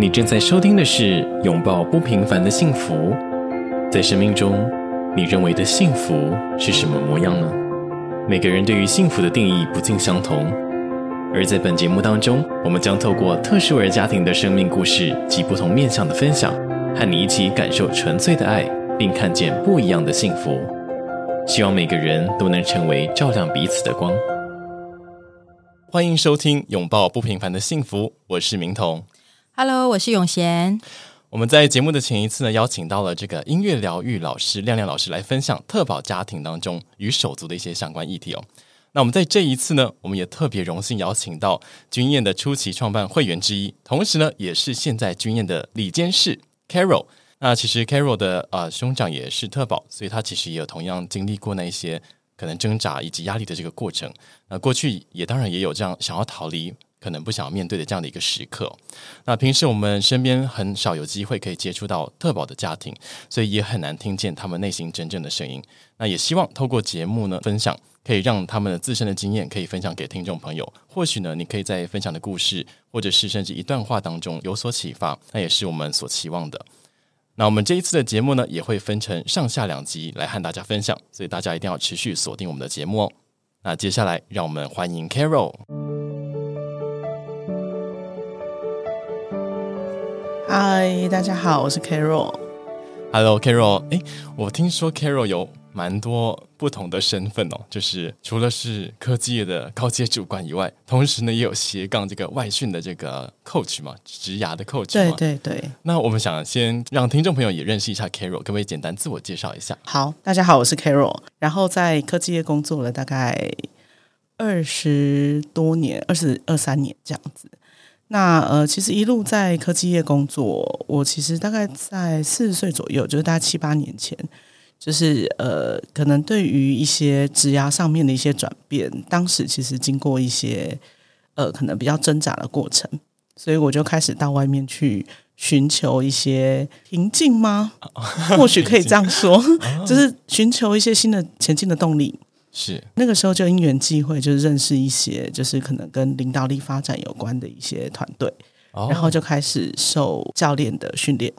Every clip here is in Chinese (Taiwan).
你正在收聽的是《擁抱不平凡的幸福》。在生命中，你認為的幸福是什麼模樣呢？每個人對於幸福的定義不盡相同。而在本節目當中，我們將透過特殊兒家庭的生命故事及不同面向的分享，和你一起感受純粹的愛，並看見不一樣的幸福。希望每個人都能成為照亮彼此的光。歡迎收聽《擁抱不平凡的幸福》，我是明彤。Hello，我是永賢。我們在節目的前一次呢，邀請到了這個音樂療癒老師亮亮老師來分享特寶家庭當中與手足的一些相關議題哦。那我們在這一次呢，我們也特別榮幸邀請到鈞硯的初期創辦會員之一，同時呢，也是現在鈞硯的理監事 Carol。那其實 Carol 的呃兄長也是特寶，所以他其實也有同樣經歷過那一些可能掙扎以及壓力的這個過程。那過去也當然也有這樣想要逃離。可能不想要面對的這樣的一個時刻，那平時我們身邊很少有機會可以接觸到特寶的家庭，所以也很難聽見他們內心真正的聲音。那也希望透過節目呢，分享可以讓他們的自身的經驗可以分享給聽眾朋友。或許呢，你可以在分享的故事或者是甚至一段話當中有所啟發，那也是我們所期望的。那我們這一次的節目呢，也會分成上下兩集來和大家分享，所以大家一定要持續鎖定我們的節目哦。那接下來，讓我們歡迎 Carol。嗨，大家好，我是 Carol。Hello，Carol。哎，我聽說 Carol 有蠻多不同的身份哦，就是除了是科技業的高階主管以外，同時呢也有斜槓這個外訓的這個 coach 嘛，職涯的 coach。對對對。那我們想先讓聽眾朋友也認識一下 Carol，可不可以簡單自我介紹一下？好，大家好，我是 Carol。然後在科技業工作了大概二十多年，二十二三年這樣子。那呃，其實一路在科技業工作，我其實大概在四十歲左右，就是大概七八年前，就是呃，可能對於一些職涯上面的一些轉變，當時其實經過一些呃，可能比較掙扎的過程，所以我就開始到外面去尋求一些平靜嗎？ 靜或許可以這樣說， 就是尋求一些新的前進的動力。是那個時候就因緣際會，就是認識一些，就是可能跟領導力發展有關的一些團隊，哦、然後就開始受教練的訓練，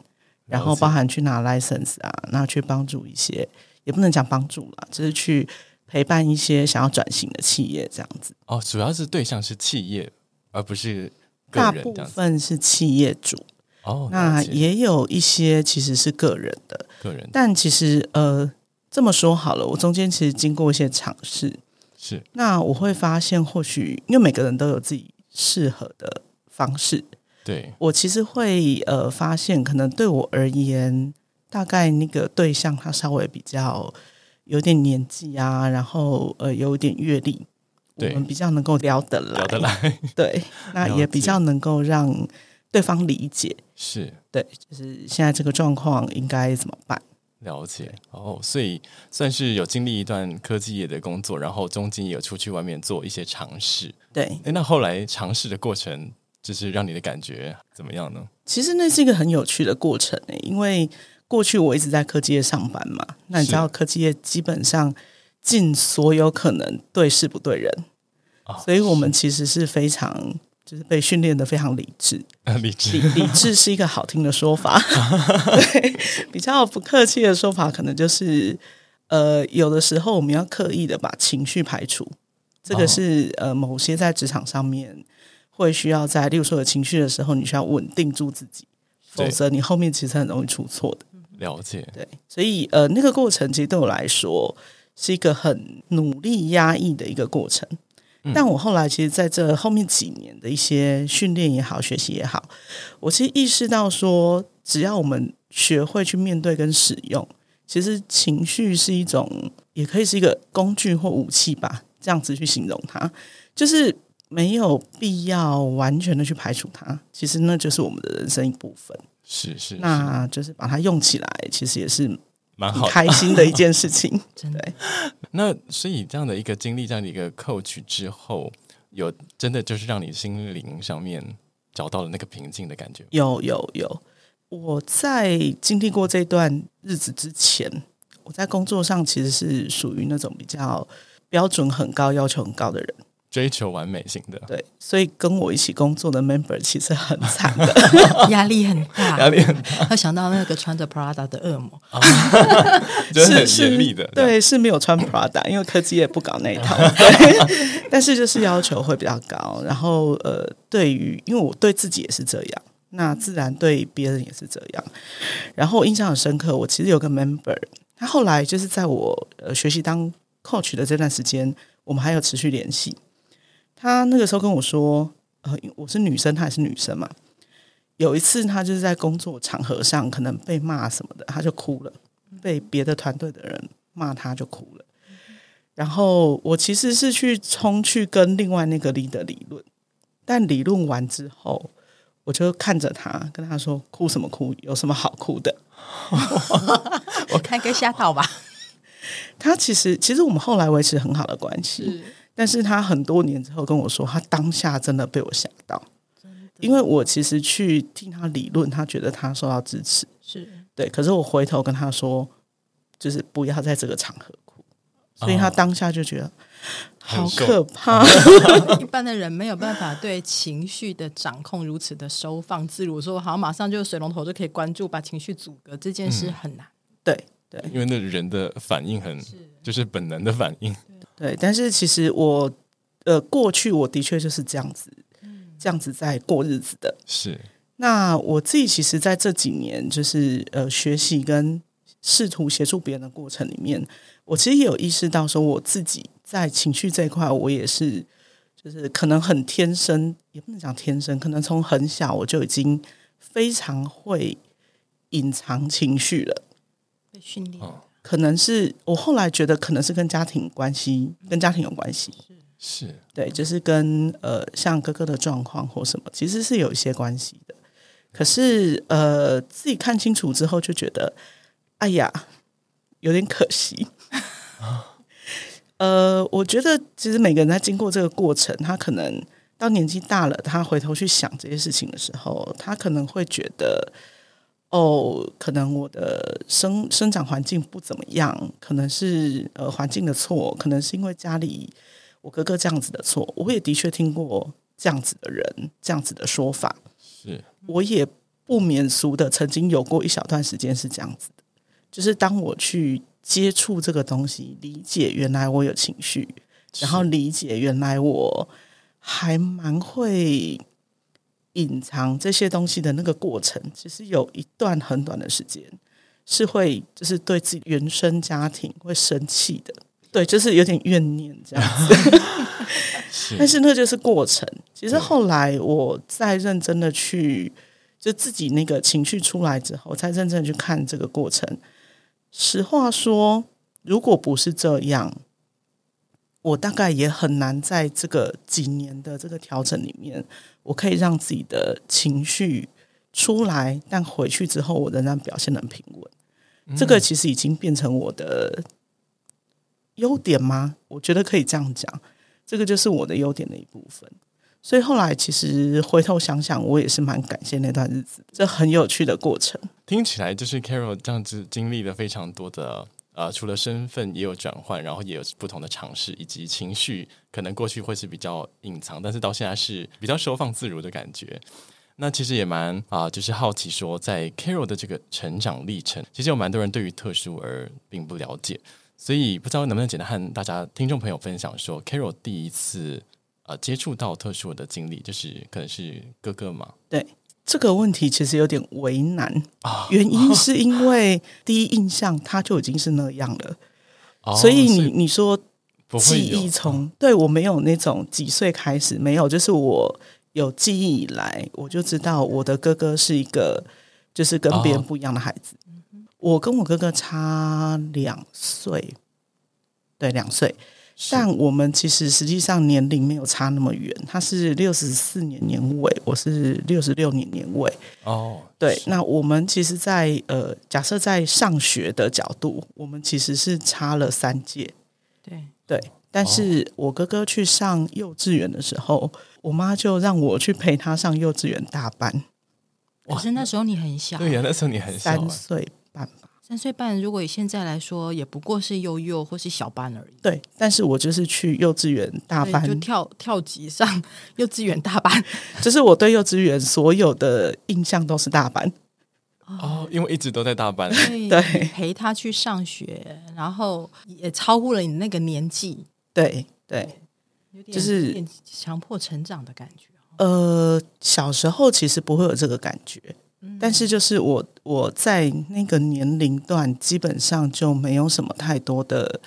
然後包含去拿 license 啊，那去幫助一些，也不能講幫助啦，就是去陪伴一些想要轉型的企業這樣子。哦，主要是對象是企業，而不是個人，大部分是企業主哦，那也有一些其實是個人的，個人，但其實呃。這麼說好了，我中間其實經過一些嘗試，是。那我會發現，或許因為每個人都有自己適合的方式。對。我其實會呃發現，可能對我而言，大概那個對象他稍微比較有點年紀啊，然後呃有點閱歷。對，我們比較能夠聊得來，聊得來。 對，那也比較能夠讓對方理解。是對，就是現在這個狀況應該怎麼辦？了解哦，所以算是有經歷一段科技業的工作，然後中間也有出去外面做一些嘗試。對，誒，那後來嘗試的過程就是讓你的感覺怎麼樣呢？其實那是一個很有趣的過程，因為過去我一直在科技業上班嘛，那你知道科技業基本上盡所有可能對事不對人，所以我們其實是非常。就是被訓練得非常理智理智，理智是一個好聽的說法。 對，比較不客氣的說法，可能就是呃，有的時候我們要刻意的把情緒排除。這個是、哦、呃，某些在職場上面會需要在，例如說有情緒的時候，你需要穩定住自己，否則你後面其實很容易出錯的。了解，對，所以呃，那個過程其實對我來說是一個很努力壓抑的一個過程。但我後來其實在這後面幾年的一些訓練也好、學習也好，我其實意識到說，只要我們學會去面對跟使用，其實情緒是一種，也可以是一個工具或武器吧，這樣子去形容它，就是沒有必要完全的去排除它。其實那就是我們的人生一部分，是是是，那就是把它用起來，其實也是。蠻開心的一件事情， 真的。對。那所以這樣的一個經歷，這樣的一個 coach 之後，有真的就是讓你心靈上面找到了那個平靜的感覺。有有有，我在經歷過這段日子之前，我在工作上其實是屬於那種比較標準很高、要求很高的人。追求完美型的，對，所以跟我一起工作的 member 其實很慘的， 壓力很大，壓力很大。他想到那個穿着 Prada 的惡魔，是是的， 對，是沒有穿 Prada， 因為科技也不搞那一套，對， 但是就是要求會比較高。然後呃，對於因為我對自己也是這樣，那自然對別人也是這樣。然後我印象很深刻，我其實有個 member，他後來就是在我呃學習當 coach 的這段時間，我們還有持續聯繫。他那個時候跟我說，呃，我是女生，他也是女生嘛。有一次，他就是在工作場合上可能被罵什麼的，他就哭了。被別的團隊的人罵，他就哭了。然後我其實是去衝去跟另外那個 leader 理論，但理論完之後，我就看着他，跟他說：“哭什麼哭？有什麼好哭的？”我 看個下套吧。他其實，其實我們後來維持很好的關係。嗯但是他很多年之後跟我說，他當下真的被我嚇到，因為我其實去聽他理論，他覺得他受到支持，是對。可是我回頭跟他說，就是不要在這個場合哭，所以他當下就覺得、啊、好可怕。 一般的人沒有辦法對情緒的掌控如此的收放自如，說好馬上就是水龍頭就可以關住，把情緒阻隔這件事很難。嗯、對對，因為那人的反應很，就是本能的反應。對，但是其實我呃過去我的確就是這樣子，嗯，這樣子在過日子的。是。那我自己其實在這幾年，就是呃學習跟試圖協助別人的過程裡面，我其實也有意識到說，我自己在情緒這一塊，我也是就是可能很天生，也不能講天生，可能從很小我就已經非常會隱藏情緒了。在訓練。可能是我後來覺得，可能是跟家庭關係、跟家庭有關係，是對，就是跟呃，像哥哥的狀況或什麼，其實是有一些關係的。可是呃，自己看清楚之後，就覺得，哎呀，有點可惜。 啊？呃，我覺得其實每個人在經過這個過程，他可能到年紀大了，他回頭去想這些事情的時候，他可能會覺得。哦，可能我的生生長環境不怎麼樣，可能是呃環境的錯，可能是因為家裡我哥哥這樣子的錯。我也的確聽過這樣子的人這樣子的說法，是我也不免俗的，曾經有過一小段時間是這樣子的，就是當我去接觸這個東西，理解原來我有情緒，然後理解原來我還蠻會。隱藏這些東西的那個過程，其實有一段很短的時間是會，就是對自己原生家庭會生氣的，對，就是有點怨念這樣子。 是，但是那就是過程。其實後來我再認真的去，就自己那個情緒出來之後，再認真的去看這個過程。實話說，如果不是這樣。我大概也很難在這個幾年的這個調整裡面，我可以讓自己的情緒出來，但回去之後我仍然表現得很平穩。這個其實已經變成我的優點嗎？我覺得可以這樣講，這個就是我的優點的一部分。所以後來其實回頭想想，我也是蠻感謝那段日子，這很有趣的過程。聽起來就是 Carol 這樣子經歷了非常多的。呃，除了身份也有轉換，然後也有不同的嘗試，以及情緒可能過去會是比較隱藏，但是到現在是比較收放自如的感覺。那其實也蠻啊、呃，就是好奇說，在 Carol 的這個成長歷程，其實有蠻多人對於特殊兒並不了解，所以不知道能不能簡單和大家聽眾朋友分享說，Carol 第一次呃接觸到特殊兒的經歷，就是可能是哥哥嘛？對。這個問題其實有點為難，原因是因為第一印象他就已經是那樣了，哦、所以你，所以你說記憶從，對，我沒有那種幾歲開始，沒有，就是我有記憶以來我就知道我的哥哥是一個就是跟別人不一樣的孩子，哦、我跟我哥哥差兩歲，對，兩歲。但我們其實實際上年齡沒有差那麼遠，他是六十四年年尾，我是六十六年年尾。哦，對，那我們其實在，在呃，假設在上學的角度，我們其實是差了三屆。對對，但是我哥哥去上幼稚園的時候，哦、我媽就讓我去陪他上幼稚園大班。哇，可是那時候你很小，對呀、啊，那時候你很小、啊，三歲半吧。三歲半，如果以現在來說，也不過是幼幼或是小班而已。對，但是我就是去幼稚園大班，就跳跳級上幼稚園大班。 就是我對幼稚園所有的印象都是大班。哦，因為一直都在大班，對，對陪他去上學，然後也超過了你那個年紀。對對，對，有點就是強迫成長的感覺。呃，小時候其實不會有這個感覺。但是就是我我在那個年齡段，基本上就沒有什麼太多的，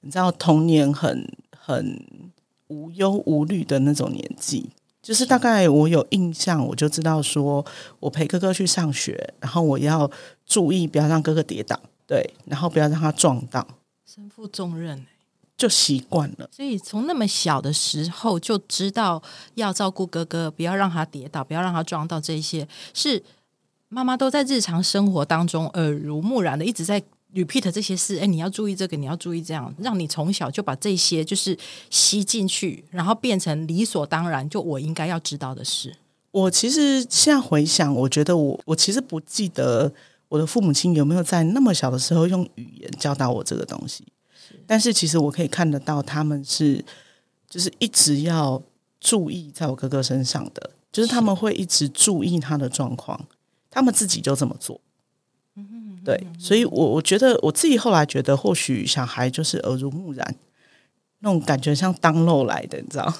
你知道童年很很無憂無慮的那種年紀，就是大概我有印象，我就知道說我陪哥哥去上學，然後我要注意不要讓哥哥跌倒，對，然後不要讓他撞到，身負重任。欸。就習慣了，所以從那麼小的時候就知道要照顧哥哥，不要讓他跌倒，不要讓他撞到，這些是媽媽都在日常生活當中耳濡目染的，一直在 repeat 這些事。誒，你要注意這個，你要注意這樣，讓你從小就把這些就是吸進去，然後變成理所當然，就我應該要知道的事。我其實現在回想，我覺得我我其實不記得我的父母親有沒有在那麼小的時候用語言教導我這個東西。但是其實我可以看得到，他們是就是一直要注意在我哥哥身上的，就是他們會一直注意他的狀況，他們自己就這麼做。嗯，對，所以我我覺得我自己後來覺得，或許小孩就是耳濡目染，那種感覺像 download 來的，你知道？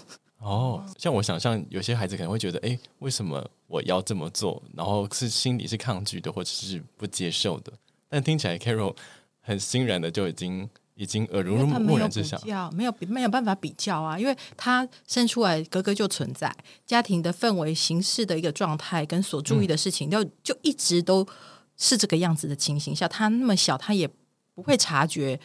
哦，像我想象，有些孩子可能會覺得，哎、欸，為什麼我要這麼做？然後是心裡是抗拒的，或者是不接受的。但聽起來 Carol 很欣然的就已經。已經耳濡目目染，沒有比較，沒有沒有辦法比較啊！因為他生出來哥哥就存在家庭的氛圍、形式的一個狀態跟所注意的事情，嗯、就就一直都是這個樣子的情形下，他那麼小，他也不會察覺、嗯、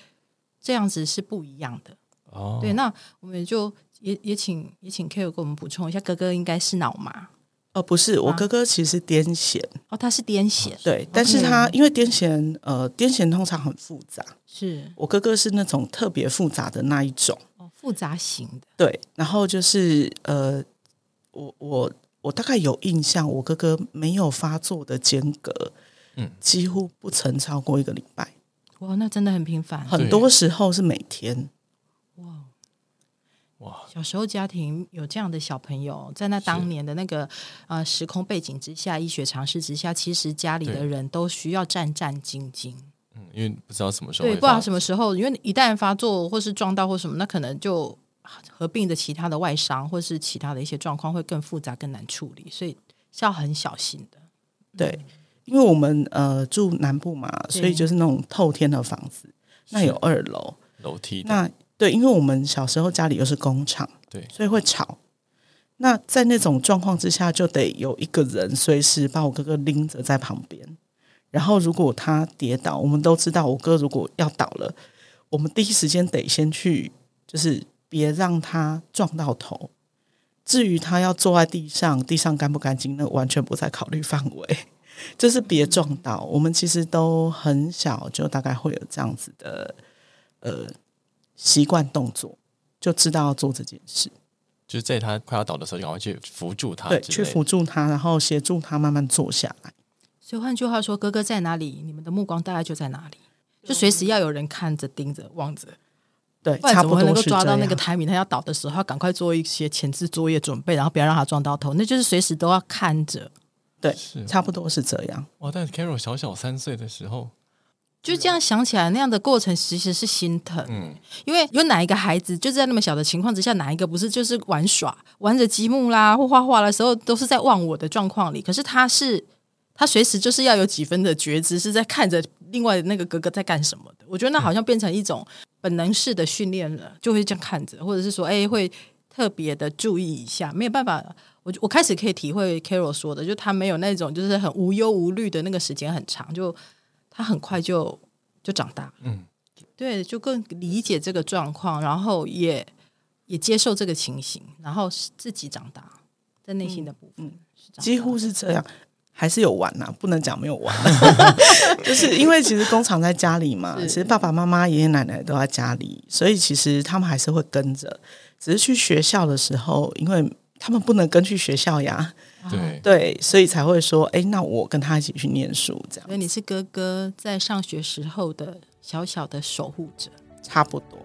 這樣子是不一樣的。哦，對，那我們就也也請也請 Carol 給我們補充一下，哥哥應該是腦麻。哦，不是、啊，我哥哥其實癲癇。哦，他是癲癇。對，Okay. 但是他因為癲癇，呃，癲癇通常很複雜。是，我哥哥是那種特別複雜的那一種。哦，複雜型的。對，然後就是呃，我我我大概有印象，我哥哥沒有發作的間隔，嗯，幾乎不曾超過一個禮拜。哇，那真的很頻繁。很多時候是每天。哇。小時候家庭有這樣的小朋友，在那當年的那個是呃時空背景之下，醫學常識之下，其實家裡的人都需要戰戰兢兢。嗯，因為不知道什麼時候，對，不知道什麼時候，因為一旦發作或是撞到或什麼，那可能就合併的其他的外傷或是其他的一些狀況會更複雜、更難處理，所以是要很小心的。嗯、對，因為我們呃住南部嘛，所以就是那種透天的房子，那有二樓樓梯那。對，因為我們小時候家裡又是工廠，對，所以會吵。那在那種狀況之下，就得有一個人隨時把我哥哥拎着在旁邊。然後，如果他跌倒，我們都知道，我哥如果要倒了，我們第一時間得先去，就是別讓他撞到頭。至於他要坐在地上，地上乾不乾淨，那完全不在考慮範圍。就是別撞到，我們其實都很小，就大概會有這樣子的，呃。習慣動作就知道要做這件事，就是在他快要倒的時候，趕快去扶住他的，對，去扶住他，然後協助他慢慢坐下來。所以換句話說，哥哥在哪裡，你們的目光大概就在哪裡？嗯、就隨時要有人看着、盯着、望着。對，差不多是這樣。外祖母能夠抓到那個 timing，他要倒的時候，要趕快做一些前置作業準備，然後不要讓他撞到頭，那就是隨時都要看着。對，差不多是這樣。哦，但 Carol 小小三歲的時候，就這樣想起來，那樣的過程其實是心疼。嗯，因為有哪一個孩子就在那麼小的情況之下，哪一個不是就是玩耍、玩着積木啦或畫畫的時候，都是在忘我的狀況裡。可是他是他隨時就是要有幾分的覺知，是在看着另外的那個哥哥在幹什麼的。我覺得那好像變成一種本能式的訓練了，嗯，就會這樣看着，或者是說，哎，會特別的注意一下。沒有辦法，我我開始可以體會 Carol 說的，就他沒有那種就是很無憂無慮的那個時間很長就。他很快就就長大，嗯，對，就更理解這個狀況，然後也也接受這個情形，然後自己長大，在內心的部分嗯，嗯，幾乎是這樣，還是有玩吶、啊，不能講沒有玩， 就是因為其實工廠在家裡嘛，是其實爸爸媽媽、爺爺奶奶都在家裡，所以其實他們還是會跟着，只是去學校的時候，因為他們不能跟去學校呀。啊、對，對，所以才會說，哎，那我跟他一起去唸書，這樣。所以你是哥哥在上學時候的小小的守護者，差不多。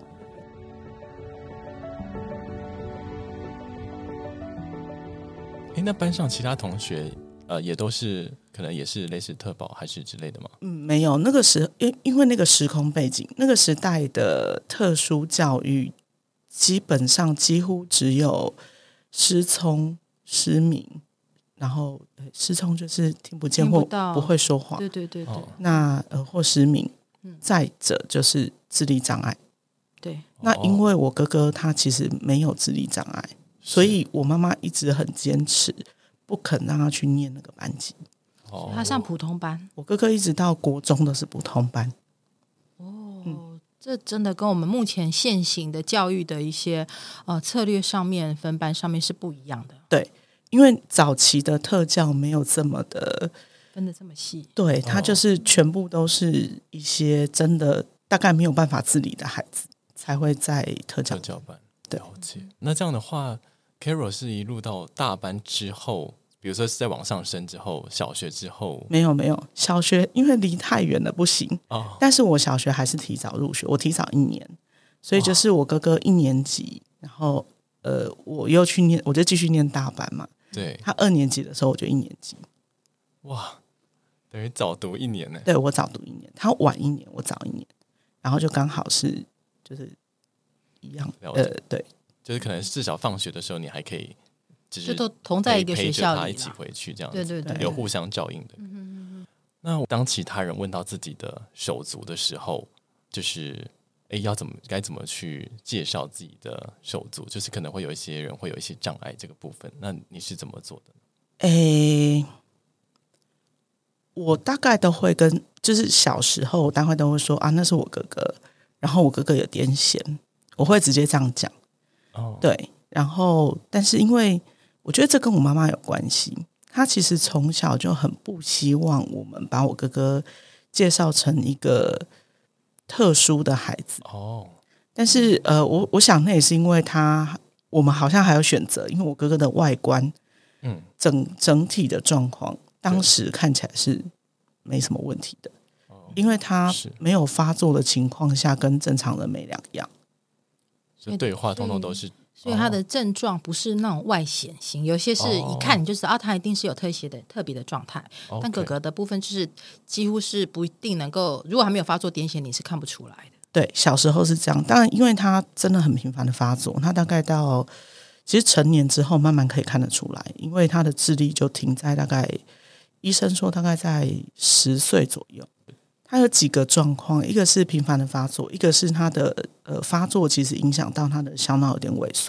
哎，那班上其他同學，呃，也都是可能也是類似特寶還是之類的嗎？嗯，沒有。那個時，因為因為那個時空背景，那個時代的特殊教育，基本上幾乎只有失聰、失明。然後失聰就是聽不見或不會說話，對對對對。那呃或失明、嗯，再者就是智力障礙。對，那因為我哥哥他其實沒有智力障礙，哦、所以我媽媽一直很堅持，不肯讓他去念那個班級。他上普通班。我哥哥一直到國中的是普通班。哦，嗯、這真的跟我們目前現行的教育的一些呃策略上面分班上面是不一樣的。對。因為早期的特教沒有這麼的分得這麼細，對他就是全部都是一些真的、哦、大概沒有辦法自理的孩子才會在特教特教班對、好奇、嗯、那這樣的話，Carol 是一路到大班之後，比如說是在往上升之後，小學之後沒有沒有小學，因為離太遠了不行、哦、但是我小學還是提早入學，我提早一年，所以就是我哥哥一年級，哦、然後呃，我又去念，我就繼續念大班嘛。對他二年級的時候，我就一年級，哇，等於早讀一年呢、欸。對我早讀一年，他晚一年，我早一年，然後就剛好是就是一樣。了解。呃，對，就是可能至少放學的時候，你還可以，就都同在一個學校裡他一起回去，這樣子對，對對對，有互相照應的。嗯哼嗯哼。那當其他人問到自己的手足的時候，就是。哎，要怎麼該怎麼去介紹自己的手足？就是可能會有一些人會有一些障礙這個部分，那你是怎麼做的呢？哎，我大概都會跟，就是小時候，我大概都會說啊，那是我哥哥，然後我哥哥有癲癇，我會直接這樣講。哦，對，然後但是因為我覺得這跟我媽媽有關係，她其實從小就很不希望我們把我哥哥介紹成一個。特殊的孩子哦，但是呃，我我想那也是因為他，我們好像還有選擇，因為我哥哥的外觀，嗯，整整體的狀況當時看起來是沒什麼問題的，哦，因為他沒有發作的情況下跟正常的沒兩樣，所以對話通通都是，欸。所以他的症狀不是那種外顯型，oh. 有些是一看你就是啊，他一定是有特殊的特別的狀態。Oh. 但哥哥的部分就是幾乎是不一定能夠，如果還沒有發作癲癇，你是看不出來的。對，小時候是這樣，但因為他真的很頻繁的發作，他大概到其實成年之後慢慢可以看得出來，因為他的智力就停在大概醫生說大概在十歲左右。他有幾個狀況，一個是頻繁的發作，一個是他的呃發作其實影響到他的小腦有點萎縮，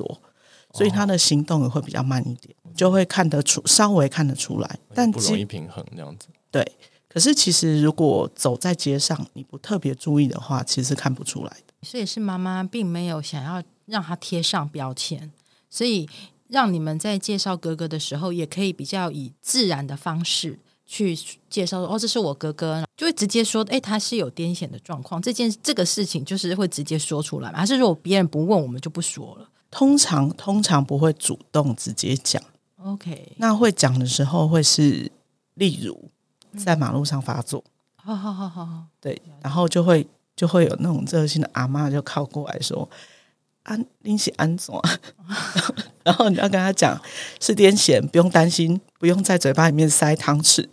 所以他的行動也會比較慢一點，哦、就會看得出稍微看得出來，但不容易平衡這樣子。對，可是其實如果走在街上你不特別注意的話，其實看不出來。所以是媽媽並沒有想要讓他貼上標籤，所以讓你們在介紹哥哥的時候也可以比較以自然的方式。去介紹說哦，這是我哥哥，就會直接說，哎、欸，他是有癲癇的狀況，這件這個事情就是會直接說出來嘛？還是如果別人不問，我們就不說了？通常通常不會主動直接講。OK，那會講的時候會是例如在馬路上發作，好好好好好，對，然後就會就會有那種熱心的阿媽就靠過來說。啊、安拎起安總， 然後你要跟他講是癲癇，不用擔心，不用在嘴巴裡面塞湯匙，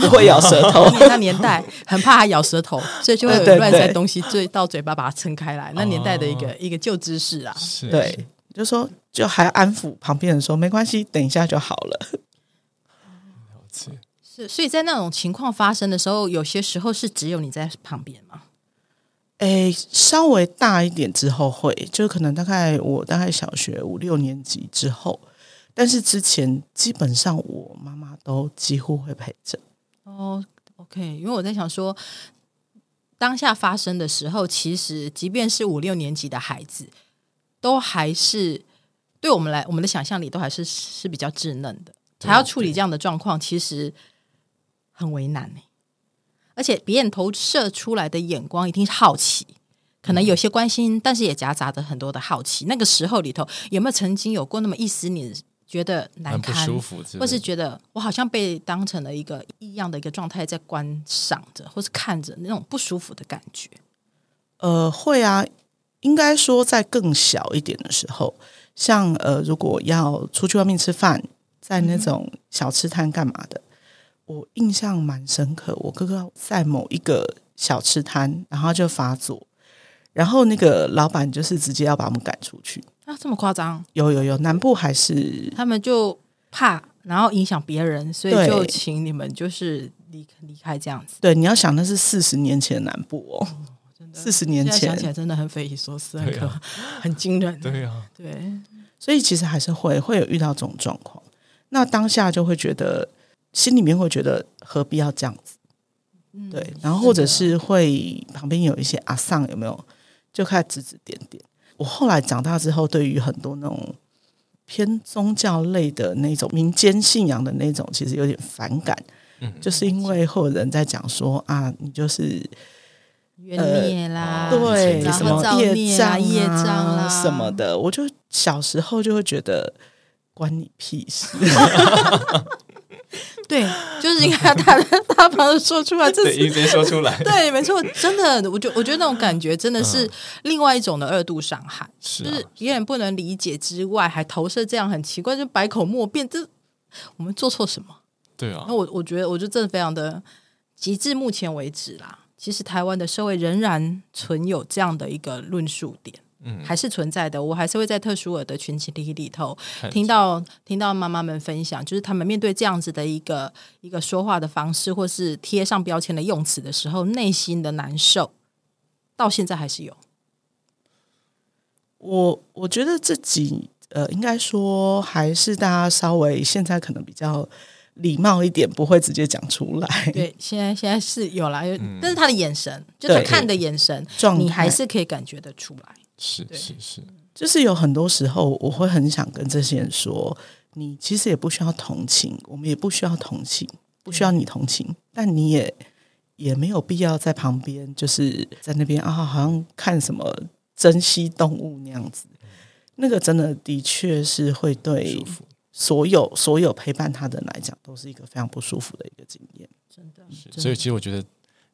不會咬舌頭。 那年代很怕他咬舌頭，所以就會有亂塞東西，最到嘴巴把它撐開來。那年代的一個、uh, 一個舊知識啊，是是對，就說就還安撫旁邊人說沒關係，等一下就好了。 是，所以在那種情況發生的時候，有些時候是只有你在旁邊嘛？誒，稍微大一點之後會，就可能大概我大概小學五六年級之後，但是之前基本上我媽媽都幾乎會陪着。哦、oh，OK，因為我在想說，當下發生的時候，其實即便是五六年級的孩子，都還是對我們來我們的想象力都還是是比較稚嫩的，還要處理這樣的狀況，其實很為難呢、欸。而且別人投射出來的眼光一定是好奇，可能有些關心，嗯、但是也夾雜着很多的好奇。那個時候裡頭有沒有曾經有過那麼一絲，你覺得難堪，不舒服，或是覺得我好像被當成了一個異樣的一個狀態在觀賞着，或是看着那種不舒服的感覺？呃，會啊，應該說在更小一點的時候，像呃，如果要出去外面吃飯，在那種小吃攤幹嘛的。嗯我印象蠻深刻，我哥哥在某一個小吃攤，然後就發作，然後那個老闆就是直接要把我們趕出去。啊，這麼誇張？有有有，南部還是他們就怕，然後影響別人，所以就請你們就是離離開這樣子。對，你要想的是四十年前南部哦，哦，真的，四十年前，想起來真的很匪夷所思，啊，很驚人。對啊，對，所以其實還是會會有遇到這種狀況，那當下就會覺得。心裡面會覺得何必要這樣子？嗯、對，然後或者是會旁邊有一些阿桑有沒有就開始指指點點。我後來長大之後，對於很多那種偏宗教類的那種民間信仰的那種，其實有點反感。嗯，就是因為後人在講說啊，你就是冤孽啦，呃、對啦，什麼業障、啊、業障、啊、什麼的，我就小時候就會覺得關你屁事。 對，就是應該大，大方地說出來，自己 說出來，對，沒錯，真的，我覺我覺得那種感覺真的是另外一種的二度傷害，嗯，就是有點不能理解之外，還投射這樣很奇怪，就百口莫辯，這我們做錯什麼？對啊，那我我覺得，我就真的非常的極致，至目前為止啦，其實台灣的社會仍然存有這樣的一個論述點。嗯，還是存在的。我還是會在特殊兒的群體裡頭聽到聽到媽媽們分享，就是他們面對這樣子的一個一個說話的方式，或是貼上標籤的用詞的時候，內心的難受，到現在還是有。我我覺得自己呃，應該說還是大家稍微現在可能比較禮貌一點，不會直接講出來。對，現在現在是有了、嗯、但是他的眼神，就他看的眼神狀態，你還是可以感覺得出來。是是是，就是有很多時候，我會很想跟這些人說，你其實也不需要同情，我們也不需要同情，不需要你同情，但你也也沒有必要在旁邊，就是在那邊啊、哦，好像看什麼珍稀動物那樣子。那個真的的確是會對所有所有陪伴他的人來講，都是一個非常不舒服的一個經驗。是真的，所以其實我覺得。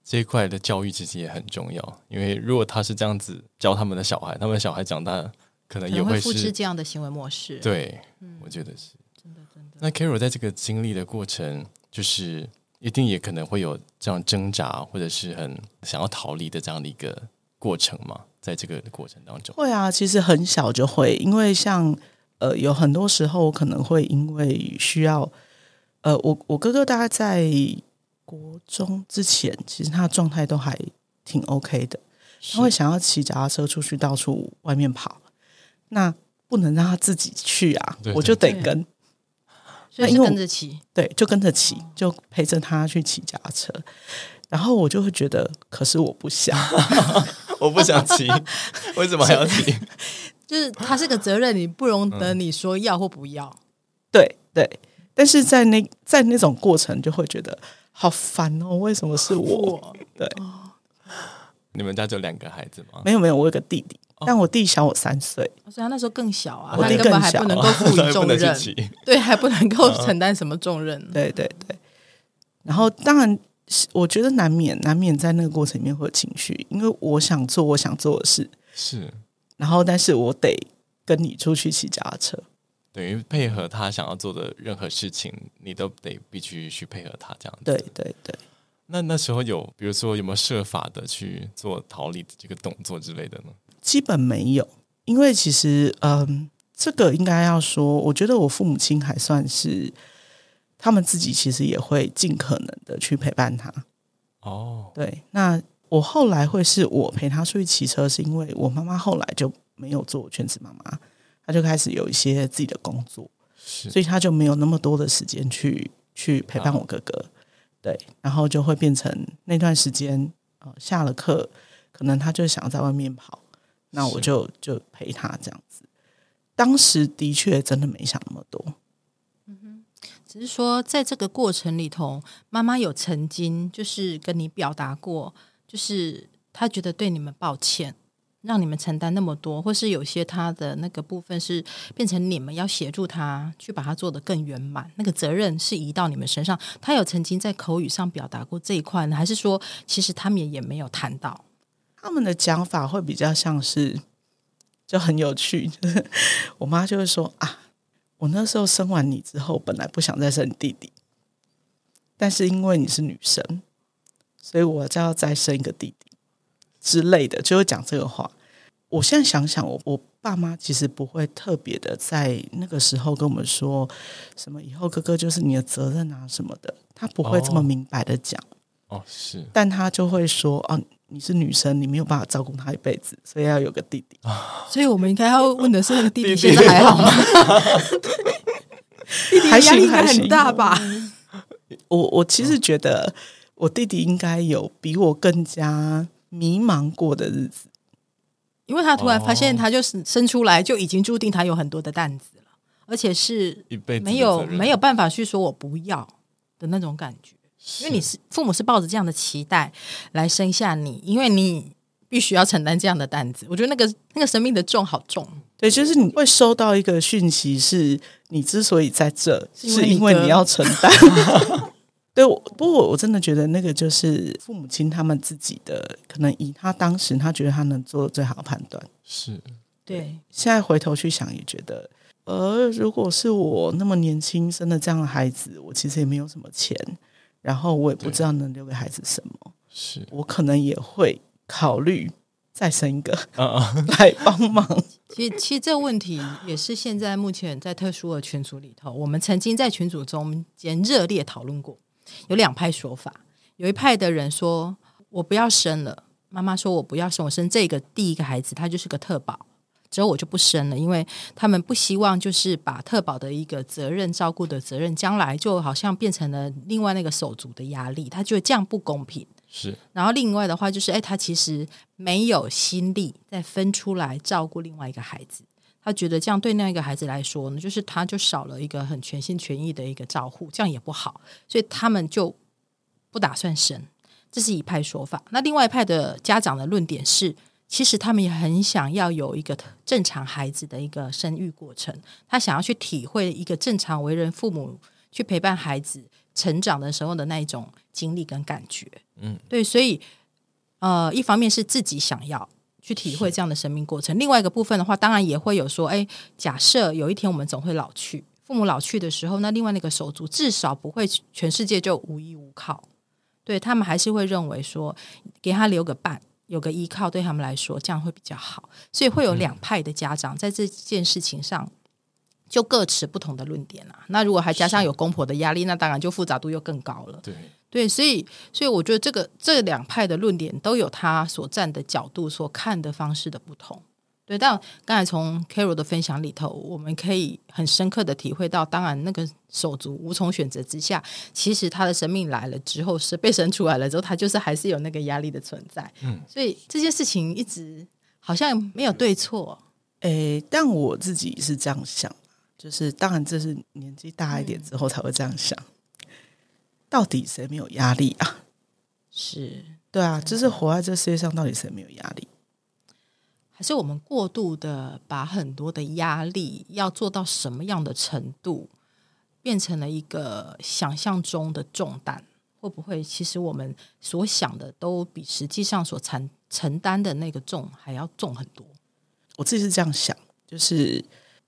這一塊的教育其實也很重要，因為如果他是這樣子教他們的小孩，他們小孩長大可能也會是，可能會複製這樣的行為模式。對，嗯，我覺得是真的。真的。那 Carol 在這個經歷的過程，就是一定也可能會有這樣掙扎，或者是很想要逃離的這樣的一個過程嘛。在這個過程當中，會啊，其實很小就會，因為像呃，有很多時候可能會因為需要，呃，我我哥哥大概在。國中之前，其實他的狀態都還挺 OK 的。他會想要騎腳踏車出去到處外面跑，那不能讓他自己去啊。對對對，我就得跟，所以就跟着騎、哎，對，就跟着騎、嗯，就陪着他去騎腳踏車。然後我就會覺得，可是我不想， 我不想騎，為 什麼還要騎？就是他是個責任，你不容得你說要或不要。嗯、對對，但是在那在那種過程，就會覺得。好煩哦！為什麼是我？對，你們家就兩個孩子嗎？沒有沒有，我有個弟弟，但我弟小我三歲、哦，所以他那時候更小啊，我弟更小本還不能夠負於重任、啊，對，還不能夠承擔什麼重任、啊。對對對，然後當然，我覺得難免難免在那個過程裡面會有情緒，因為我想做我想做的事，是，然後但是我得跟你出去騎腳踏車。等於配合他想要做的任何事情，你都得必須去配合他這樣子。對對對。那那時候有，比如說有沒有設法的去做逃離的這個動作之類的呢？基本沒有，因為其實嗯、呃，這個應該要說，我覺得我父母親還算是，他們自己其實也會盡可能的去陪伴他。哦，對。那我後來會是我陪他出去騎車，是因為我媽媽後來就沒有做全職媽媽。他就開始有一些自己的工作，所以他就沒有那麼多的時間去去陪伴我哥哥。啊。對，然後就會變成那段時間，呃，下了課可能他就想要在外面跑，那我就就陪他這樣子。當時的確真的沒想那麼多，嗯哼，只是說在這個過程裡頭，媽媽有曾經就是跟你表達過，就是她覺得對你們抱歉。讓你們承擔那麼多，或是有些他的那個部分是變成你們要協助他去把它做得更圓滿，那個責任是移到你們身上。他有曾經在口語上表達過這一塊呢？還是說其實他們也也沒有談到？他們的講法會比較像是就很有趣，就是，我媽就會說啊，我那時候生完你之後，本來不想再生弟弟，但是因為你是女生，所以我就要再生一個弟弟之類的，就會講這個話。我現在想想，我我爸媽其實不會特別的在那個時候跟我們說什麼，以後哥哥就是你的責任啊什麼的，他不會這麼明白的講。哦。哦，是，但他就會說，哦、啊，你是女生，你沒有辦法照顧他一輩子，所以要有個弟弟。哦、所以我們應該要問的是，那個弟弟現在還好嗎？弟弟壓 力應該很大吧？我我其實覺得，我弟弟應該有比我更加迷茫過的日子。因為他突然發現，他就生出來就已經注定他有很多的擔子了，而且是沒有沒有辦法去說我不要的那種感覺，因為你是父母是抱着這樣的期待來生下你，因為你必須要承擔這樣的擔子。我覺得那個那個生命的重好重，對，對，就是你會收到一個訊息是，是你之所以在這，是因為你，因為你要承擔。 對，不過我真的覺得那個就是父母親他們自己的，可能以他當時他覺得他能做的最好的判斷是。對，現在回頭去想也覺得，呃，如果是我那麼年輕生了這樣的孩子，我其實也沒有什麼錢，然後我也不知道能留給孩子什麼，是我可能也會考慮再生一個來幫忙。 其實，其實這個問題也是現在目前在特殊的群組裡頭，我們曾經在群組中間熱烈討論過。有兩派說法，有一派的人說我不要生了，媽媽說我不要生，我生這個第一個孩子，他就是個特寶，之後我就不生了，因為他們不希望就是把特寶的一個責任照顧的責任，將來就好像變成了另外那個手足的壓力，他覺得這樣不公平。是，然後另外的話就是，哎，他其實沒有心力再分出來照顧另外一個孩子。他覺得這樣對那個孩子來說呢，就是他就少了一個很全心全意的一個照顧，這樣也不好，所以他們就不打算生。這是一派說法。那另外一派的家長的論點是，其實他們也很想要有一個正常孩子的一個生育過程，他想要去體會一個正常為人父母去陪伴，孩子成長的時候的那一種經歷跟感覺。嗯，對，所以呃，一方面是自己想要。去體會這樣的生命過程。另外一個部分的話，當然也會有說，誒，假設有一天我們總會老去，父母老去的時候，那另外那個手足至少不會全世界就無依無靠，對他們還是會認為說，給他留個伴，有個依靠，對他們來說這樣會比較好。所以會有兩派的家長、嗯、在這件事情上就各持不同的論點啊。那如果還加上有公婆的壓力，那當然就複雜度又更高了。對。對，所以，所以我覺得這個這兩派的論點都有他所站的角度、所看的方式的不同。對，但剛才從 Carol 的分享裡頭，我們可以很深刻的體會到，當然那個手足無從選擇之下，其實他的生命來了之後是，是被生出來了之後，他就是還是有那個壓力的存在。嗯，所以這件事情一直好像沒有對錯、嗯。誒，但我自己是這樣想，就是當然這是年紀大一點之後才會這樣想。嗯到底誰沒有壓力啊？是，對啊，就是活在這世界上，到底誰沒有壓力？還是我們過度的把很多的壓力要做到什麼樣的程度，變成了一個想象中的重擔？會不會其實我們所想的都比實際上所承承擔的那個重還要重很多？我自己是這樣想，就是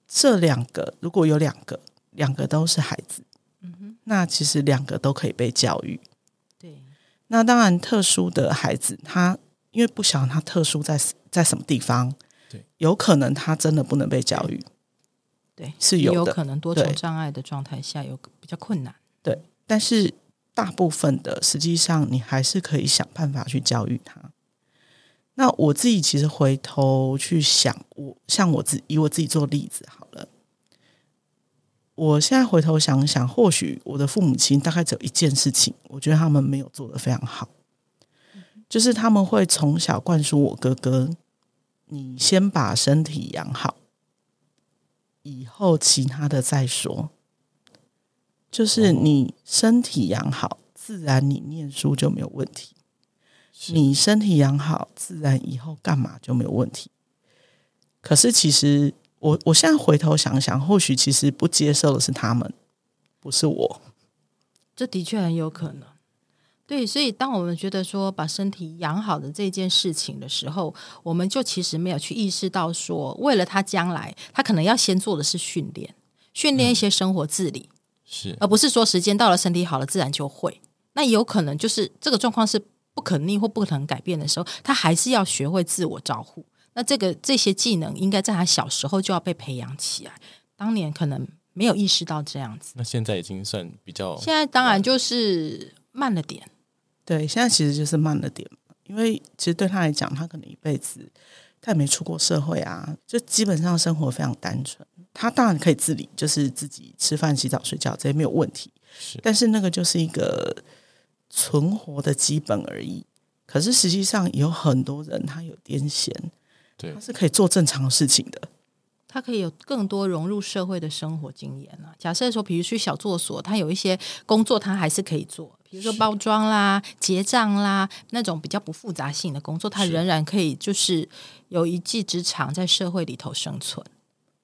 這兩個，如果有兩個，兩個都是孩子。那其實兩個都可以被教育，對。那當然，特殊的孩子他因為不曉得他特殊在在什麼地方，對，有可能他真的不能被教育，對，對，是有有可能多重障礙的狀態下有比較困難，對。對，但是大部分的，實際上你還是可以想辦法去教育他。那我自己其實回頭去想，我，像我自，以我自己做例子好了。我現在回頭想想，或許我的父母親大概只有一件事情，我覺得他們沒有做得非常好，嗯、就是他們會從小灌輸我哥哥：“你先把身體養好，以後其他的再說。”就是你身體養好，自然你念書就沒有問題；你身體養好，自然以後幹嘛就沒有問題。可是其實。我我現在回頭想想，或許其實不接受的是他們，不是我。這的確很有可能。對，所以當我們覺得說把身體養好的這件事情的時候，我們就其實沒有去意識到說，為了他將來，他可能要先做的是訓練，訓練一些生活自理，嗯、是，而不是說時間到了，身體好了自然就會。那有可能就是這個狀況是不可逆或不可能改變的時候，他還是要學會自我照顧。那這個這些技能應該在他小時候就要被培養起來。當年可能沒有意識到這樣子。那現在已經算比較……現在當然就是慢了點。對，現在其實就是慢了點，因為其實對他來講，他可能一輩子他也沒出過社會啊，就基本上生活非常單純。他當然可以自理，就是自己吃飯、洗澡、睡覺這些沒有問題。是，但是那個就是一個存活的基本而已。可是實際上有很多人他有癲癇。對他是可以做正常的事情的，他可以有更多融入社會的生活經驗、啊、假設說，比如去小作所，他有一些工作，他還是可以做，比如說包裝啦、結賬啦那種比較不複雜性的工作，他仍然可以就是有一技之長，在社會裡頭生存。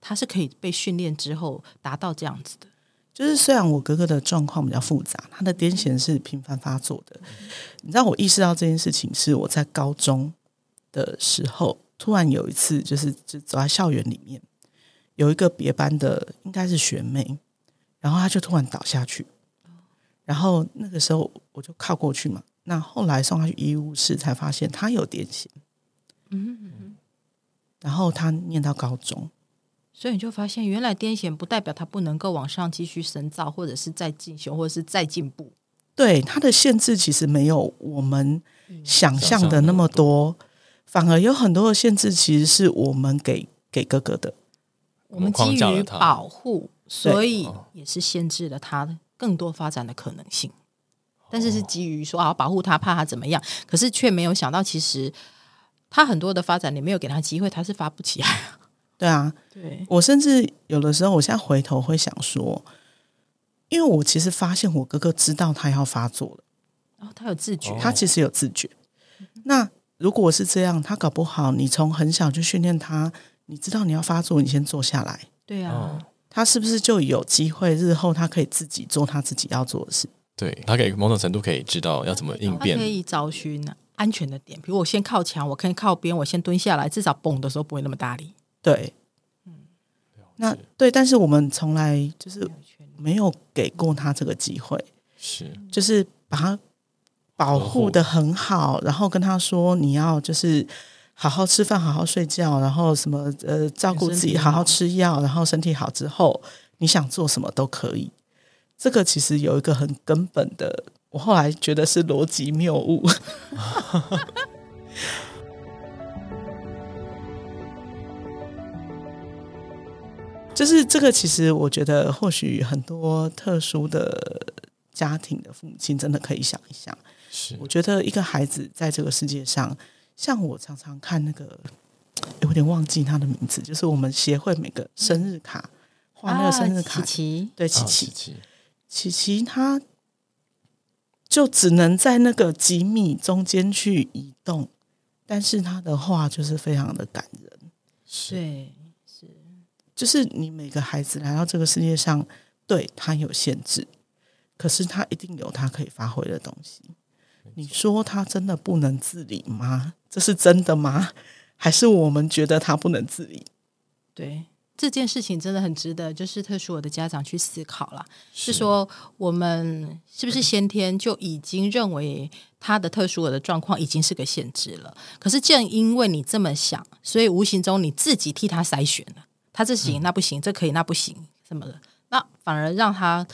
他是可以被訓練之後達到這樣子的。就是雖然我哥哥的狀況比較複雜，嗯、他的癲癇是頻繁發作的。嗯、你讓我意識到這件事情是我在高中的時候。突然有一次，就是就走在校園裡面，有一個別班的應該是學妹，然後她就突然倒下去，然後那個時候我就靠過去嘛。那後來送她去醫務室，才發現她有癲癇。嗯，然後她念到高中，所以你就發現，原來癲癇不代表她不能夠往上繼續深造，或者是再進修，或者是再進步。對，她的限制其實沒有我們想象的那麼多。反而有很多的限制，其實是我們給給哥哥的。我們基於保護他，所以也是限制了他更多發展的可能性。哦、但是是基於說啊，保護他，怕他怎麼樣？可是卻沒有想到，其實他很多的發展，你沒有給他機會，他是發不起來。對啊，對。我甚至有的時候，我現在回頭會想說，因為我其實發現我哥哥知道他要發作了，然後，哦，他有自覺，他其實有自覺。哦、那。如果是這樣，他搞不好，你從很小就訓練他，你知道你要發作，你先坐下來。對啊，他是不是就有機會日後他可以自己做他自己要做的事？對，他可以某種程度可以知道要怎麼應變，他可以，他可以找尋安全的點，比如我先靠牆，我可以靠邊，我先蹲下來，至少蹦的時候不會那麼大力。對，嗯，那對，但是我們從來就是沒有給過他這個機會，是、嗯，就是把他。保護的很好，然後跟他說：“你要就是好好吃飯，好好睡覺，然後什麼呃照顧自己，好好吃藥好，然後身體好之後，你想做什麼都可以。”這個其實有一個很根本的，我後來覺得是邏輯謬誤。 就是這個，其實我覺得或許很多特殊的家庭的父母親真的可以想一想。是，我覺得一個孩子在這個世界上，像我常常看那個，有點忘記他的名字，就是我們協會每個生日卡畫、嗯啊、那個生日卡，啊、琪琪對，琪琪，琪、啊、琪，琪琪琪琪他就只能在那個幾米中間去移動，但是他的話就是非常的感人。對，是，就是你每個孩子來到這個世界上，對他有限制，可是他一定有他可以發揮的東西。你說他真的不能自理嗎？這是真的嗎？還是我們覺得他不能自理？對，這件事情真的很值得，就是特殊兒的家長去思考了，是說我們是不是先天就已經認為他的特殊兒的狀況已經是個限制了？可是正因為你這麼想，所以無形中你自己替他篩選了，他這行那不行，這可以那不行什麼的，那反而讓他。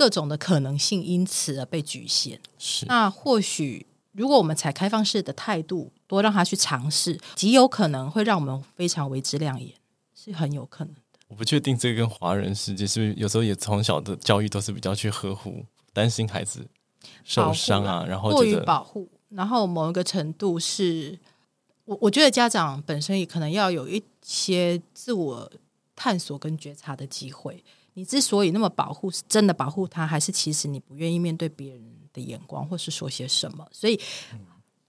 各種的可能性因此而被局限，是，那或許如果我們採開放式的態度，多讓他去嘗試，極有可能會讓我們非常為之亮眼，是很有可能的。我不確定這個跟華人世界是不是有時候也從小的教育都是比較去呵護，擔心孩子受傷啊，啊然後過於保護，然後某一個程度是我我覺得家長本身也可能要有一些自我探索跟覺察的機會。你之所以那麼保護，是真的保護他，還是其實你不願意面對別人的眼光，或是說些什麼？所以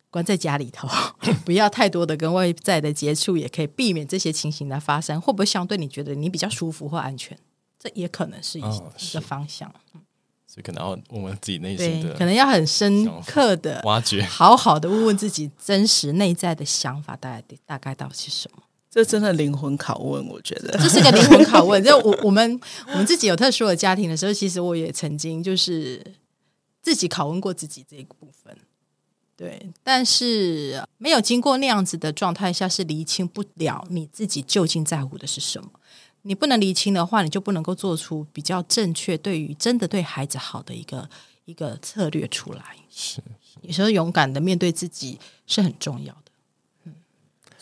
關在家裡頭，嗯、 不要太多的跟外在的接觸，也可以避免這些情形的發生。會不會相對你覺得你比較舒服或安全？這也可能是，哦、是一個方向。所以可能要問問自己內心，對，可能要很深刻的挖掘，好好的問問自己真實內在的想法，大概大概到底是什麼。這真的靈魂拷問，我覺得這是一個靈魂拷問。 就我我們我們自己有特殊的家庭的時候，其實我也曾經就是自己拷問過自己這個部分。對，但是沒有經過那樣子的狀態下，是釐清不了你自己究竟在乎的是什麼。你不能釐清的話，你就不能夠做出比較正確對於真的對孩子好的一個一個策略出來。是，有時候勇敢的面對自己是很重要的。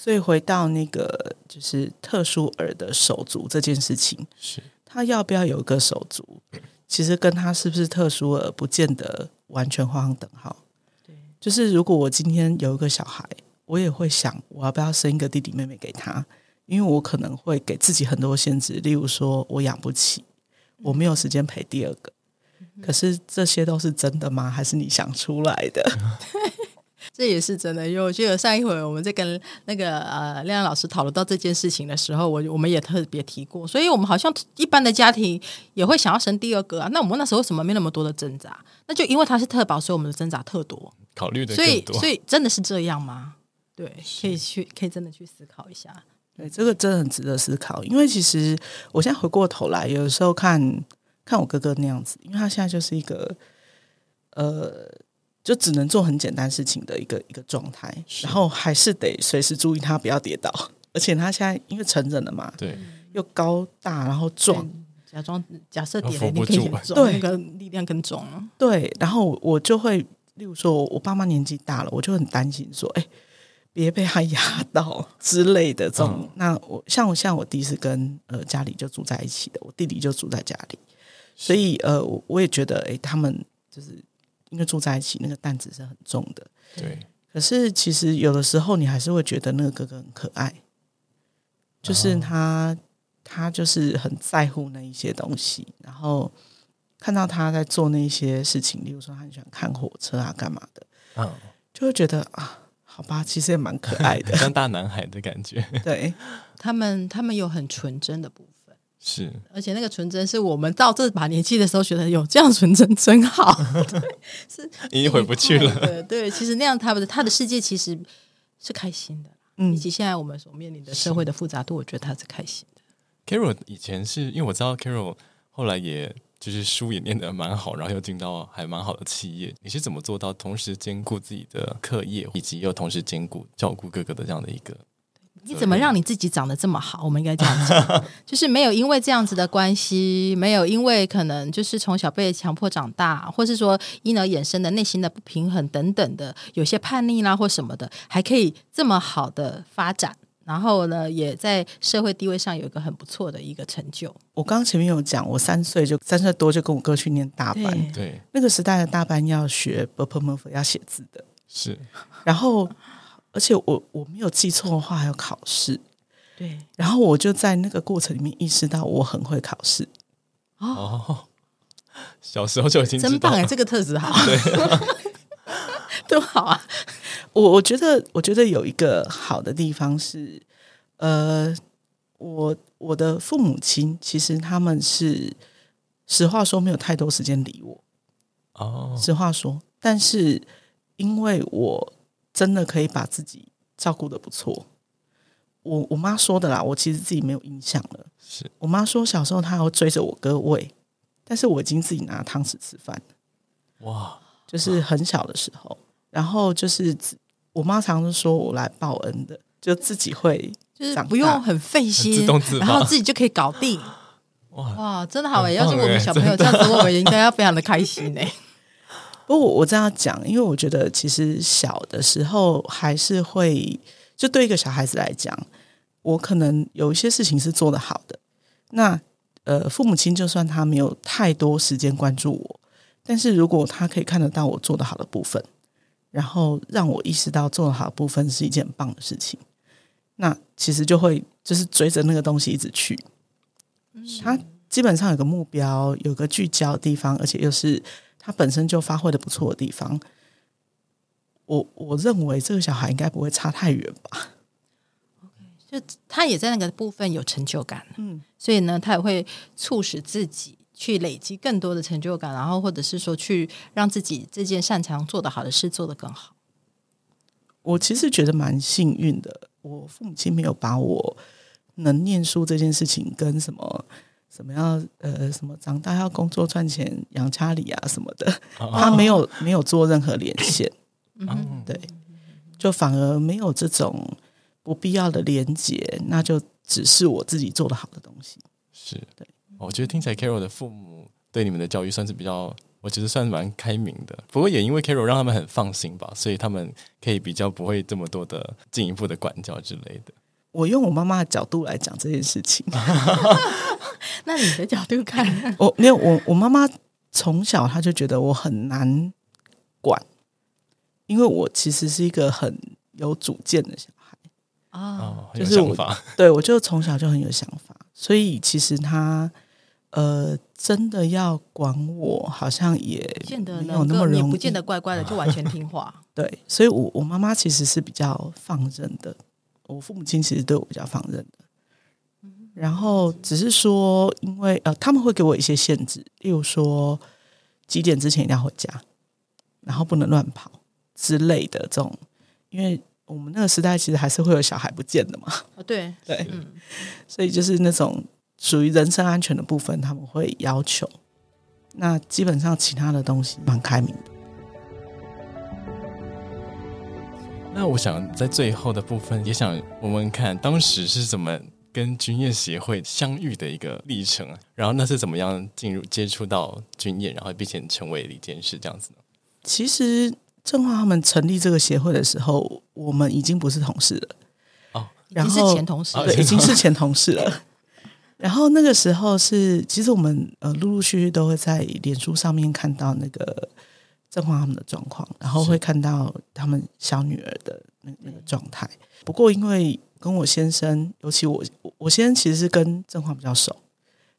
所以回到那個就是特殊兒的手足這件事情，是他要不要有一個手足，其實跟他是不是特殊兒不見得完全畫上等號。對，就是如果我今天有一個小孩，我也會想我要不要生一個弟弟妹妹給他，因為我可能會給自己很多限制，例如說我養不起，我沒有時間陪第二個。可是這些都是真的嗎？還是你想出來的？ 這也是真的，因為我記得上一回我們在跟那個呃亮亮老師討論到這件事情的時候，我我們也特別提過，所以我們好像一般的家庭也會想要生第二個啊。那我們那時候為什麼沒那麼多的掙扎？那就因為他是特寶，所以我們的掙扎特多。考慮的，所以所以真的是這樣嗎？對，可以去，可以真的去思考一下。對，這個真的很值得思考，因為其實我現在回過頭來，有時候看看我哥哥那樣子，因為他現在就是一個呃。就只能做很簡單事情的一個一個狀態，然後還是得隨時注意他不要跌倒，而且他現在因為成人了嘛，對，又高大然後壯，假裝假設跌倒，你可以對那個力量更重，啊，對。然後我就會，例如說，我爸媽年紀大了，我就很擔心說，哎，別被他壓到之類的這種，嗯。那我像我像我弟是跟呃家裡就住在一起的，我弟弟就住在家裡，所以呃我，我也覺得哎，他們就是。因為住在一起，那個擔子是很重的。對，可是其實有的時候你還是會覺得那個哥哥很可愛，就是他，哦、他就是很在乎那一些東西，然後看到他在做那些事情，例如說他很喜歡看火車啊，幹嘛的，嗯、哦，就會覺得啊，好吧，其實也蠻可愛的， 很像大男孩的感覺。對，他們他們有很純真的部分。是，而且那個純真是我們到這把年紀的時候覺得有這樣純真真好， 對，是已經回不去了。對，其實那樣他的他的世界其實是開心的，嗯，以及現在我們所面臨的社會的複雜度，我覺得他是開心的。Carol 以前是因為我知道 Carol 後來也就是書也念得蠻好，然後又進到還蠻好的企業，你是怎麼做到同時兼顧自己的課業，以及又同時兼顧照顧哥哥的這樣的一個？你怎麼讓你自己長得這麼好？我們應該這樣講，就是沒有因為這樣子的關係，沒有因為可能就是從小被強迫長大，或是說因而衍生的內心的不平衡等等的，有些叛逆啦、啊、或什麼的，還可以這麼好的發展，然後呢，也在社會地位上有一個很不錯的一個成就。我剛剛前面有講，我三歲就三歲多就跟我哥去念大班，對，對那個時代的大班要學 ㄅㄆㄇㄈ、要寫字的，是，然後。而且我我沒有記錯的話，還有考試，對。然後我就在那個過程裡面意識到我很會考試。哦，小時候就已經。真棒哎、欸，這個特質好，對、啊， 多好啊！我我覺得，我覺得有一個好的地方是，呃，我我的父母親其實他們是實話說沒有太多時間理我，哦，實話說，但是因為我。真的可以把自己照顧得不錯，我我媽說的啦。我其實自己沒有印象了。是我媽說小時候她要追着我哥餵，但是我已經自己拿了湯匙吃飯了。哇，就是很小的時候，然後就是我媽常常說我來報恩的，就自己會就是不用很費心，很自動自發，然後自己就可以搞定。哇，哇真的好哎、欸！要是我們小朋友這樣子，我們應該要非常的開心呢、欸。 不過我，我這樣講，因為我覺得其實小的時候還是會，就對一個小孩子來講，我可能有一些事情是做得好的。那呃，父母親就算他沒有太多時間關注我，但是如果他可以看得到我做得好的部分，然後讓我意識到做得好的部分是一件很棒的事情，那其實就會就是追着那個東西一直去。他基本上有個目標，有個聚焦的地方，而且又是。他本身就發揮的不錯的地方，我我認為這個小孩應該不會差太遠吧。Okay, 就他也在那個部分有成就感，嗯，所以呢，他也會促使自己去累積更多的成就感，然後或者是說去讓自己這件擅長做得好的事做得更好。我其實覺得蠻幸運的，我父母親沒有把我能念書這件事情跟什麼。什麼要呃什麼長大要工作賺錢養家裡啊什麼的，哦哦他沒有沒有做任何連線，嗯對，就反而沒有這種不必要的連接，那就只是我自己做的好的東西。是對，我覺得聽起來 Carol 的父母對你們的教育算是比較，我覺得算是蠻開明的。不過也因為 Carol 讓他們很放心吧，所以他們可以比較不會這麼多的進一步的管教之類的。我用我媽媽的角度來講這件事情 那你的角度看 我沒有我我媽媽從小她就覺得我很難管，因為我其實是一個很有主見的小孩啊、哦，就是我對我就從小就很有想法，所以其實他呃真的要管我，好像也不見得那麼容易，不見，你不見得乖乖的就完全聽話。 對，所以我，我我媽媽其實是比較放任的。我父母親其實對我比較放任的，然後只是說，因為呃他們會給我一些限制，例如說幾點之前一定要回家，然後不能亂跑之類的這種，因為我們那個時代其實還是會有小孩不見的嘛。哦、對對，所以就是那種屬於人身安全的部分，他們會要求。那基本上其他的東西蠻開明的。那我想在最後的部分，也想問問看當時是怎麼跟鈞硯協會相遇的一個歷程，啊，然後那是怎麼樣進入接觸到鈞硯，然後並且成為理監事這樣子呢？其實正華他們成立這個協會的時候，我們已經不是同事了哦，然後，已經是前同事了，啊、對，已經是前同事了。 然後那個時候是，其實我們呃陸陸續續都會在臉書上面看到那個。正華他們的狀況，然後會看到他們小女兒的那那個狀態。不過，因為跟我先生，尤其我我先生其實是跟正華比較熟，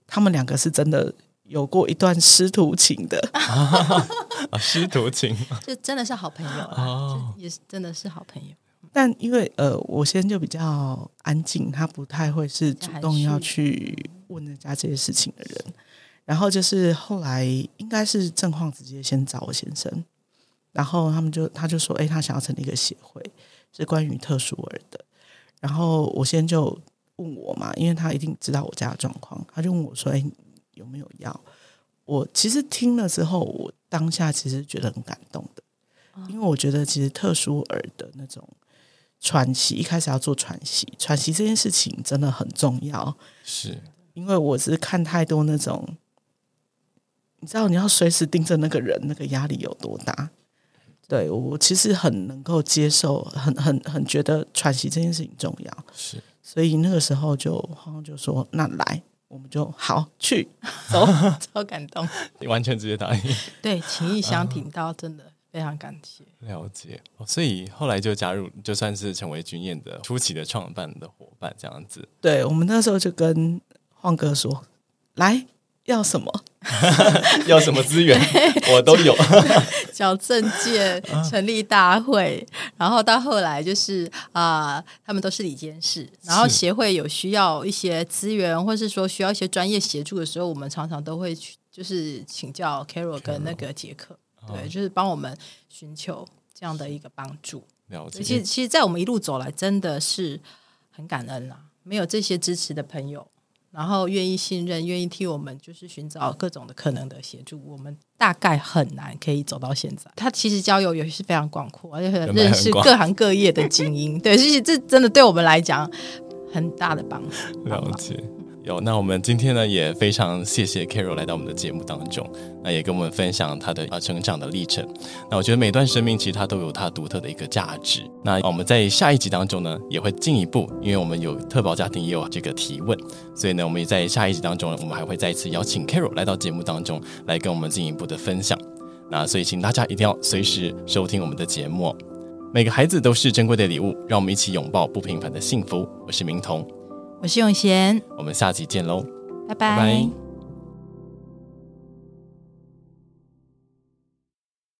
他們兩個是真的有過一段師徒情的。啊啊、師徒情 就真的是好朋友啊，也是真的是好朋友。哦、但因為呃，我先生就比較安靜，他不太會是主動要去問人家這些事情的人。然後就是後來應該是正況直接先找我先生，然後他們就他就說：“哎、欸，他想要成立一個協會，是關於特殊兒的。”然後我先就問我嘛，因為他一定知道我家的狀況，他就問我說：“哎、欸，有沒有要？”我其實聽了之後，我當下其實覺得很感動的，因為我覺得其實特殊兒的那種喘息，一開始要做喘息，喘息這件事情真的很重要，是因為我是看太多那種。你知道你要隨時盯着那個人，那個壓力有多大？對我，我其實很能夠接受，很很很覺得喘息這件事情重要。是，所以那個時候就晃就說：“那來，我們就好去走。 ”超感動，你完全直接答應。對，情意相挺到、嗯、真的非常感謝。了解，所以後來就加入，就算是成為鈞硯的初期的創辦的夥伴這樣子。對，我們那時候就跟晃哥說：“來。”要什麼？ 要什麼資源？我都有。找證件成立大會、啊，然後到後來就是啊、呃，他們都是理監事。然後協會有需要一些資源，或是說需要一些專業協助的時候，我們常常都會去，就是請教 Carol 跟那個傑克，對，就是幫我們尋求這樣的一個幫助。了解。其實，其實，在我們一路走來，真的是很感恩啊！沒有這些支持的朋友，然後願意信任，願意替我們就是尋找各種的可能的協助，我們大概很難可以走到現在。他其實交友也是非常廣闊，而且認識各行各業的精英。 對，其實這真的對我們來講很大的幫助。了解。好有，那我們今天呢也非常謝謝 Carol 來到我們的節目當中，那也跟我們分享他的啊成長的歷程。那我覺得每段生命其實它都有它獨特的一個價值。那我們在下一集當中呢也會進一步，因為我們有特寶家庭也有這個提問，所以呢我們也在下一集當中呢，我們還會再一次邀請 Carol 來到節目當中來跟我們進一步的分享。那所以請大家一定要隨時收聽我們的節目哦。每個孩子都是珍貴的禮物，讓我們一起擁抱不平凡的幸福。我是明彤。我是永賢，我們下期見嘍，拜拜。拜拜。